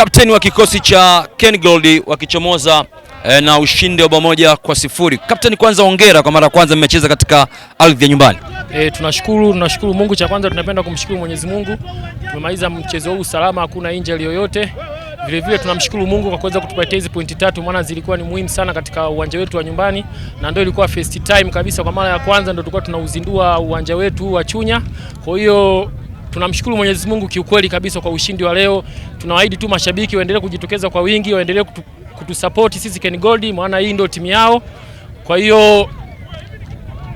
kapteni wa kikosi cha Ken Gold wakichomoza eh, na ushindi wa bao moja kwa sifuri. Kapteni, kwanza hongera kwa mara ya kwanza mmecheza katika ardhi ya nyumbani. E, tunashukuru tunashukuru Mungu. Cha kwanza tunapenda kumshukuru Mwenyezi Mungu, tumemaliza mchezo huu salama, hakuna injury yoyote. Vilevile tunamshukuru Mungu kwa kuweza kutupatia hizi pointi tatu, maana zilikuwa ni muhimu sana katika uwanja wetu wa nyumbani, na ndio ilikuwa first time kabisa, kwa mara ya kwanza ndio tulikuwa tunauzindua uwanja wetu wa Chunya. Kwa hiyo Tunamshukuru Mwenyezi Mungu kiukweli kabisa kwa ushindi wa leo. Tunawaahidi tu mashabiki waendelee kujitokeza kwa wingi, waendelee kutu, kutusapoti sisi Ken Gold, maana hii ndio timu yao. Kwa hiyo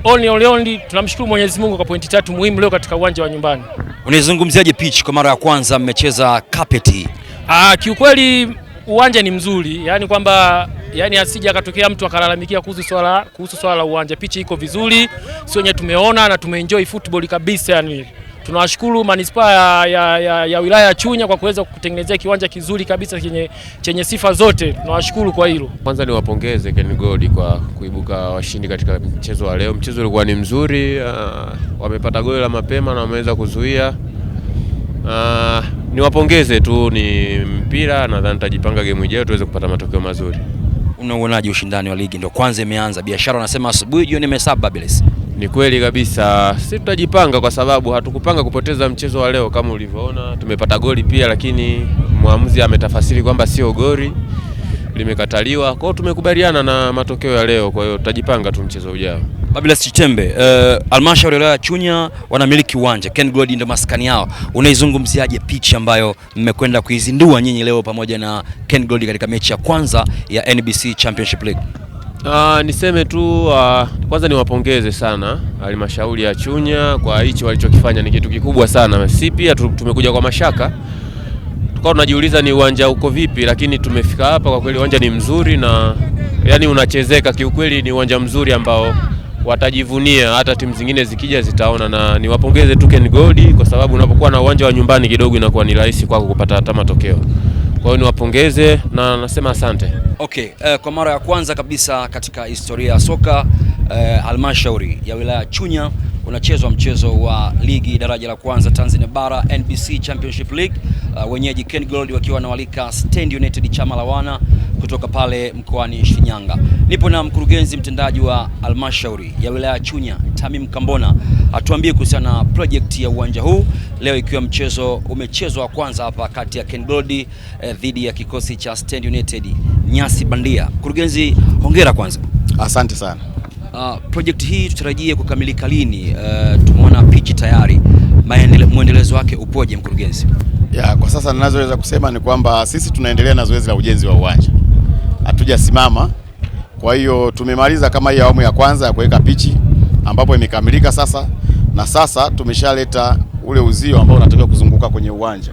only only only, tunamshukuru Mwenyezi Mungu kwa pointi tatu muhimu leo katika uwanja wa nyumbani. Unaizungumziaje pitch? Kwa mara ya kwanza mmecheza carpet. Ah, kiukweli uwanja ni mzuri, yaani kwamba yani asija akatokea mtu akalalamikia kuhusu swala kuhusu swala la uwanja. Pichi iko vizuri, sio wenyewe tumeona na tumeenjoy football kabisa yani. Tunawashukuru manispaa ya, ya, ya, ya wilaya ya Chunya kwa kuweza kutengenezea kiwanja kizuri kabisa chenye, chenye sifa zote. Tunawashukuru kwa hilo. Kwanza niwapongeze Gold kwa kuibuka washindi katika mchezo wa leo. Mchezo ulikuwa ni mzuri uh, wamepata goli la mapema na wameweza kuzuia uh, niwapongeze tu, ni mpira. Nadhani tajipanga game ijayo tuweze kupata matokeo mazuri. Unauonaje ushindani wa ligi? Ndio kwanza imeanza biashara, wanasema asubuhi, jioni imesaba ni kweli kabisa, si tutajipanga kwa sababu hatukupanga kupoteza mchezo wa leo. Kama ulivyoona tumepata goli pia, lakini mwamuzi ametafasiri kwamba sio goli, limekataliwa. Kwa hiyo tumekubaliana na matokeo ya leo, kwa hiyo tutajipanga tu mchezo ujao. Babila Chichembe, uh, eh, almashauri ya Chunya wanamiliki uwanja Ken Gold ndio maskani yao. Unaizungumziaje pitch ambayo mmekwenda kuizindua nyinyi leo pamoja na Ken Gold katika mechi ya kwanza ya NBC Championship League? Uh, niseme tu uh, kwanza niwapongeze sana halmashauri ya Chunya kwa hicho walichokifanya, ni kitu kikubwa sana. Si pia tumekuja kwa mashaka, tukawa tunajiuliza ni uwanja uko vipi, lakini tumefika hapa, kwa kweli uwanja ni mzuri na yani unachezeka kiukweli, ni uwanja mzuri ambao watajivunia hata timu zingine zikija zitaona, na niwapongeze tu Ken Gold kwa sababu unapokuwa na uwanja wa nyumbani kidogo inakuwa ni rahisi kwako kupata hata matokeo. Kwa hiyo niwapongeze na nasema asante. Okay, uh, kwa mara ya kwanza kabisa katika historia ya soka uh, eh, almashauri ya wilaya Chunya unachezwa mchezo wa ligi daraja la kwanza Tanzania Bara NBC Championship League, uh, wenyeji Ken Gold wakiwa wanawalika Stand United chama la wana kutoka pale mkoani Shinyanga. Nipo na mkurugenzi mtendaji wa halmashauri ya wilaya Chunya, Tamim Kambona, atuambie kuhusiana na project ya uwanja huu leo, ikiwa mchezo umechezwa wa kwanza hapa kati ya KenGold eh, dhidi ya kikosi cha Stand United nyasi bandia. Mkurugenzi, hongera kwanza. Asante sana. Uh, project hii tutarajie kukamilika lini? Uh, tumeona pichi tayari, mwendelezo wake upoje mkurugenzi? Ya, kwa sasa ninazoweza kusema ni kwamba sisi tunaendelea na zoezi la ujenzi wa uwanja hatujasimama. Kwa hiyo tumemaliza kama hii awamu ya kwanza ya kuweka pichi ambapo imekamilika sasa, na sasa tumeshaleta ule uzio ambao unatakiwa kuzunguka kwenye uwanja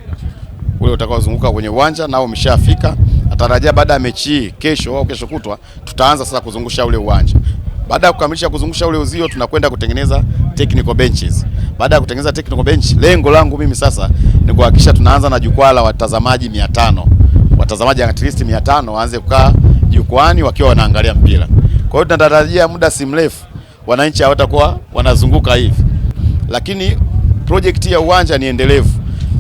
ule utakaozunguka kwenye uwanja nao umeshafika. Natarajia baada ya mechi hii kesho au kesho kutwa tutaanza sasa kuzungusha ule uwanja. Baada ya kukamilisha kuzungusha ule uzio, tunakwenda kutengeneza technical benches. Baada ya kutengeneza technical bench, lengo langu mimi sasa ni kuhakikisha tunaanza na jukwaa la watazamaji 500, watazamaji at least 500 waanze kukaa jukwani wakiwa wanaangalia mpira. Kwa hiyo tunatarajia muda si mrefu wananchi hawatakuwa wanazunguka hivi, lakini projekti ya uwanja ni endelevu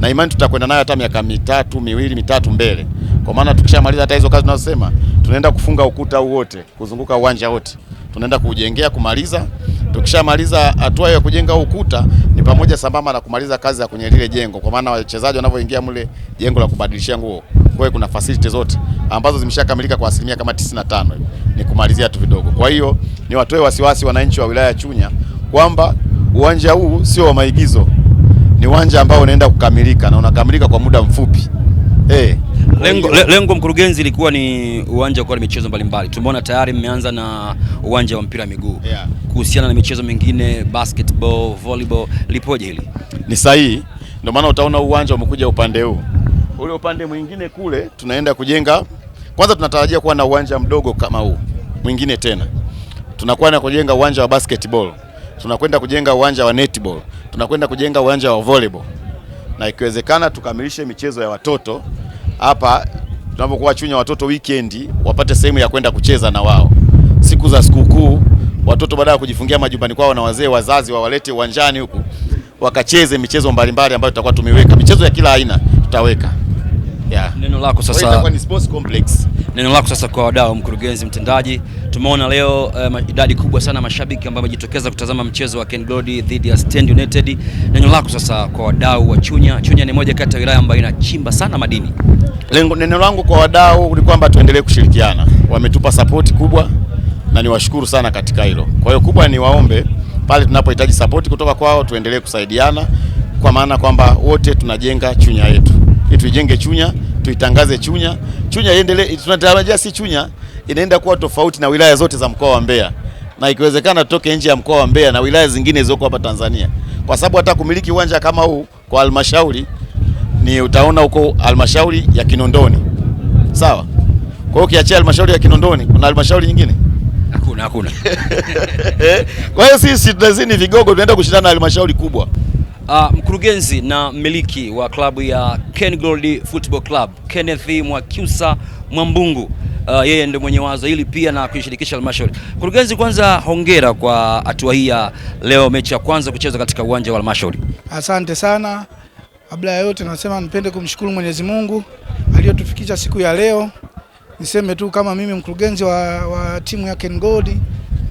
na imani tutakwenda nayo hata miaka mitatu miwili mitatu mbele, kwa maana tukishamaliza hata hizo kazi tunazosema, tunaenda kufunga ukuta wote kuzunguka uwanja wote, tunaenda kujengea kumaliza. Tukishamaliza hatua ya kujenga ukuta ni pamoja sambamba na kumaliza kazi ya kwenye lile jengo, kwa maana wachezaji wanavyoingia mle jengo la kubadilishia nguo kwa hiyo kuna facility zote ambazo zimeshakamilika kwa asilimia kama 95 ni kumalizia tu vidogo. Kwa hiyo ni watoe wasiwasi wananchi wa wilaya ya Chunya kwamba uwanja huu sio wa maigizo, ni uwanja ambao unaenda kukamilika na unakamilika kwa muda mfupi. E, hey, lengo, lengo mkurugenzi, ilikuwa ni uwanja kwa michezo mbalimbali. Tumeona tayari mmeanza na uwanja wa mpira wa miguu yeah. Kuhusiana na michezo mingine basketball, volleyball lipoje hili? Ni sahihi, ndio maana utaona uwanja umekuja upande huu ule upande mwingine kule tunaenda kujenga. Kwanza tunatarajia kuwa na uwanja mdogo kama huu mwingine tena, tunakuwa na kujenga uwanja wa basketball, tunakwenda kujenga uwanja wa netball, tunakwenda kujenga uwanja wa volleyball, na ikiwezekana tukamilishe michezo ya watoto hapa tunapokuwa Chunya, watoto weekend wapate sehemu ya kwenda kucheza na wao siku za sikukuu. Watoto baada ya kujifungia majumbani kwao na wazee wazazi wawalete uwanjani huku wakacheze michezo mbalimbali ambayo tutakuwa tumeweka, michezo ya kila aina tutaweka. Yeah. Neno lako sasa, ni sports complex. Neno lako sasa kwa wadau, mkurugenzi mtendaji, tumeona leo uh, idadi kubwa sana mashabiki ambao wamejitokeza kutazama mchezo wa Ken Glory dhidi ya Stand United. Neno lako sasa kwa wadau wa Chunya. Chunya ni moja kati ya wilaya ambayo inachimba sana madini. Lengo, neno langu kwa wadau ni kwamba tuendelee kushirikiana, wametupa sapoti kubwa na niwashukuru sana katika hilo. Kwa hiyo kubwa ni waombe pale tunapohitaji sapoti kutoka kwao tuendelee kusaidiana, kwa maana kwamba wote tunajenga Chunya yetu tuijenge Chunya, tuitangaze Chunya. Chunya iendelee, tunatarajia si Chunya inaenda kuwa tofauti na wilaya zote za mkoa wa Mbeya na ikiwezekana tutoke nje ya mkoa wa Mbeya na wilaya zingine zilizoko hapa Tanzania, kwa sababu hata kumiliki uwanja kama huu kwa halmashauri ni utaona huko halmashauri ya Kinondoni, sawa. Kwa hiyo ukiachia halmashauri ya Kinondoni, kuna halmashauri nyingine hakuna, hakuna. Kwa hiyo sisi tunazini vigogo, tunaenda kushindana na halmashauri kubwa. Uh, mkurugenzi na mmiliki wa klabu ya Ken Gold Football Club Kenneth Mwakyusa Mwambungu uh, yeye ndio mwenye wazo hili pia na kuishirikisha halmashauri. Mkurugenzi, kwanza hongera kwa hatua hii ya leo, mechi ya kwanza kuchezwa katika uwanja wa halmashauri. Asante sana. Kabla ya yote, nasema nipende kumshukuru Mwenyezi Mungu aliyotufikisha siku ya leo. Niseme tu kama mimi mkurugenzi wa, wa timu ya Ken Gold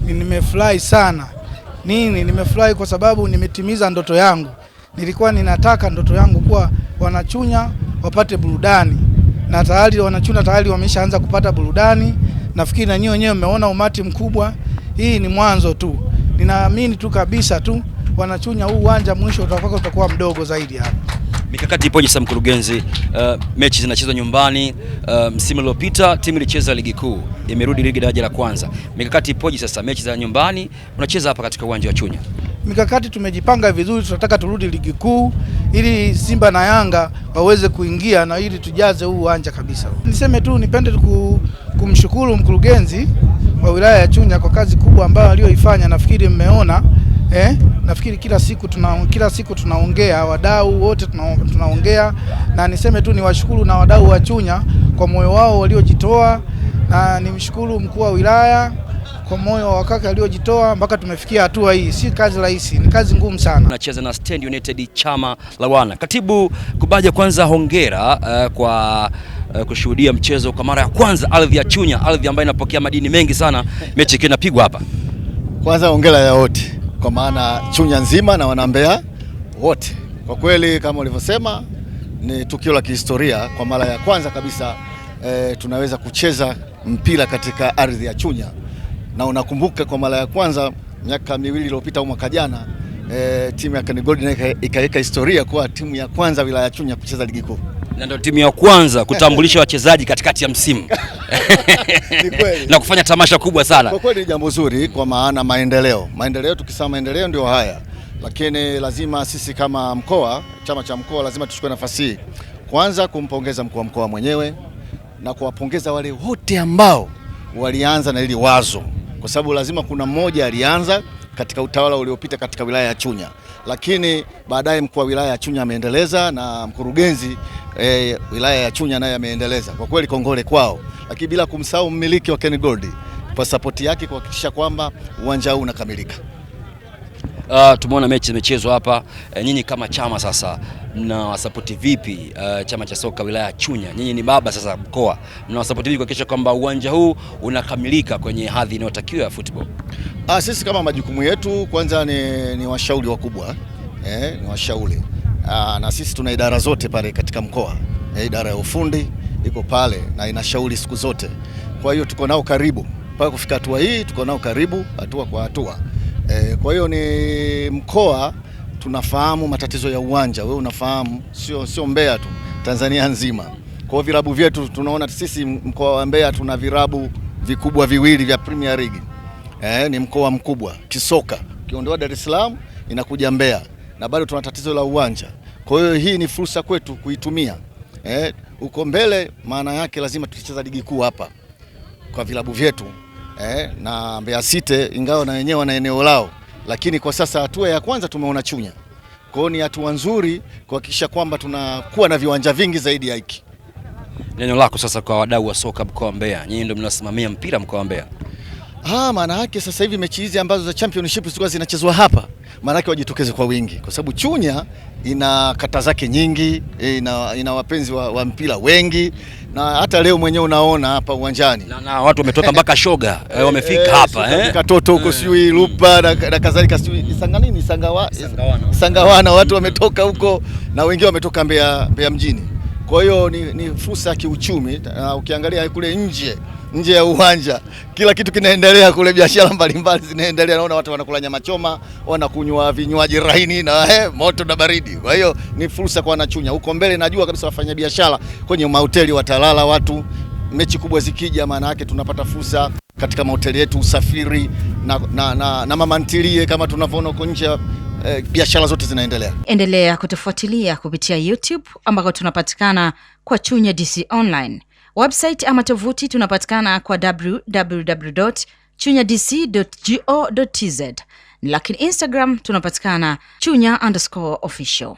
nimefurahi sana. Nini nimefurahi? Kwa sababu nimetimiza ndoto yangu nilikuwa ninataka ndoto yangu kuwa wanachunya wapate burudani, na tayari wanachunya tayari wameshaanza kupata burudani. Nafikiri na nyinyi wenyewe mmeona umati mkubwa. Hii ni mwanzo tu, ninaamini tu kabisa tu wanachunya huu uwanja mwisho utakuwa utakuwa mdogo zaidi hapa. Mikakati ipoje sasa mkurugenzi? Uh, mechi zinachezwa nyumbani. Uh, msimu uliopita timu ilicheza ligi kuu, imerudi ligi daraja la kwanza. Mikakati ipoje sasa, mechi za nyumbani unacheza hapa katika uwanja wa Chunya? mikakati tumejipanga vizuri, tunataka turudi ligi kuu ili Simba na Yanga waweze kuingia na ili tujaze huu uwanja kabisa. Niseme tu nipende kumshukuru mkurugenzi wa wilaya ya Chunya kwa kazi kubwa ambayo aliyoifanya, nafikiri mmeona eh? Nafikiri kila siku tuna, kila siku tunaongea wadau wote tuna, tunaongea na niseme tu niwashukuru na wadau wa Chunya kwa moyo wao waliojitoa, na nimshukuru mkuu wa wilaya kwa moyo wa kaka aliyojitoa mpaka tumefikia hatua hii. Si kazi rahisi, ni kazi ngumu sana. Tunacheza na Stand United chama la wana. Katibu Kubaja, kwanza hongera uh, kwa uh, kushuhudia mchezo kwa mara ya kwanza ardhi ya Chunya, ardhi ambayo inapokea madini mengi sana. Mechi ikiwa inapigwa hapa, kwanza hongera ya wote, kwa maana Chunya nzima na wanambea wote. Kwa kweli kama ulivyosema, ni tukio la kihistoria kwa mara ya kwanza kabisa, eh, tunaweza kucheza mpira katika ardhi ya Chunya na unakumbuka kwa mara ya kwanza miaka miwili iliyopita au mwaka jana e, timu ya Kani Gold ikaweka historia kuwa timu ya kwanza wilaya Chunya kucheza ligi kuu na ndio timu ya kwanza kutambulisha wachezaji katikati ya msimu na kufanya tamasha kubwa sana. Kwa kweli ni jambo zuri, kwa maana maendeleo, maendeleo, tukisema maendeleo ndio haya, lakini lazima sisi kama mkoa, chama cha mkoa, lazima tuchukue nafasi hii kwanza kumpongeza mkuu wa mkoa mwenyewe na kuwapongeza wale wote ambao walianza na ili wazo kwa sababu lazima kuna mmoja alianza katika utawala uliopita katika wilaya ya Chunya, lakini baadaye mkuu wa wilaya ya Chunya ameendeleza na mkurugenzi e, wilaya ya Chunya naye ameendeleza. Kwa kweli kongole kwao, lakini bila kumsahau mmiliki wa Ken Gold kwa sapoti yake kuhakikisha kwamba uwanja huu unakamilika uh, tumeona mechi zimechezwa hapa uh, nyinyi kama chama sasa mnawasapoti vipi uh, chama cha soka wilaya ya Chunya? Nyinyi ni baba sasa mkoa, wasapoti vipi kuhakikisha kwamba uwanja huu unakamilika kwenye hadhi inayotakiwa ya football? Ah, sisi kama majukumu yetu kwanza ni, ni washauri wakubwa eh, ni washauri ah, na sisi tuna idara zote pale katika mkoa eh, idara ya ufundi iko pale na inashauri siku zote, kwa hiyo tuko nao karibu mpaka kufika hatua hii, tuko nao karibu hatua kwa hatua. E, kwa hiyo ni mkoa tunafahamu matatizo ya uwanja, wewe unafahamu, sio sio Mbeya tu, Tanzania nzima. Kwa hiyo vilabu vyetu tunaona sisi mkoa wa Mbeya tuna virabu vikubwa viwili vya Premier League. E, ni mkoa mkubwa kisoka, ukiondoa Dar es Salaam inakuja Mbeya na bado tuna tatizo la uwanja. Kwa hiyo hii ni fursa kwetu kuitumia huko eh, e, mbele. Maana yake lazima tukicheza ligi kuu hapa kwa vilabu vyetu eh, na Mbeya City ingawa na wenyewe wana eneo lao, lakini kwa sasa hatua ya kwanza tumeona Chunya. Kwa hiyo ni hatua nzuri kuhakikisha kwamba tunakuwa na viwanja vingi zaidi ya hiki. Neno lako sasa kwa wadau wa soka mkoa wa Mbeya, nyinyi ndio mnasimamia mpira mkoa wa Mbeya. Ah, maana yake sasa hivi mechi hizi ambazo za championship zilikuwa zinachezwa hapa maanake wajitokeze kwa wingi, kwa sababu Chunya ina kata zake nyingi, e, ina, ina wapenzi wa, wa mpira wengi, na hata leo mwenyewe unaona hapa uwanjani na, na watu wametoka mpaka shoga eh, eh, wamefika eh, hapa eh, katoto huko sijui lupa na, na kadhalika sijui Isanga nini Isangawana, watu wametoka huko na wengine wametoka Mbeya, Mbeya mjini. Kwa hiyo ni, ni fursa ya kiuchumi na ukiangalia kule nje nje ya uwanja kila kitu kinaendelea kule, biashara mbalimbali zinaendelea. Naona watu wanakula nyama choma, wanakunywa vinywaji laini na he, eh, moto na baridi. Kwa hiyo ni fursa kwa wanachunya huko mbele. Najua kabisa wafanyabiashara kwenye mahoteli watalala watu, mechi kubwa zikija, maana yake tunapata fursa katika mahoteli yetu, usafiri na, na, na, na mama ntilie kama tunavyoona huko nje eh, biashara zote zinaendelea. Endelea kutufuatilia kupitia YouTube ambako tunapatikana kwa Chunya DC Online, website ama tovuti tunapatikana kwa www chunya dc go tz, lakini Instagram tunapatikana chunya underscore official.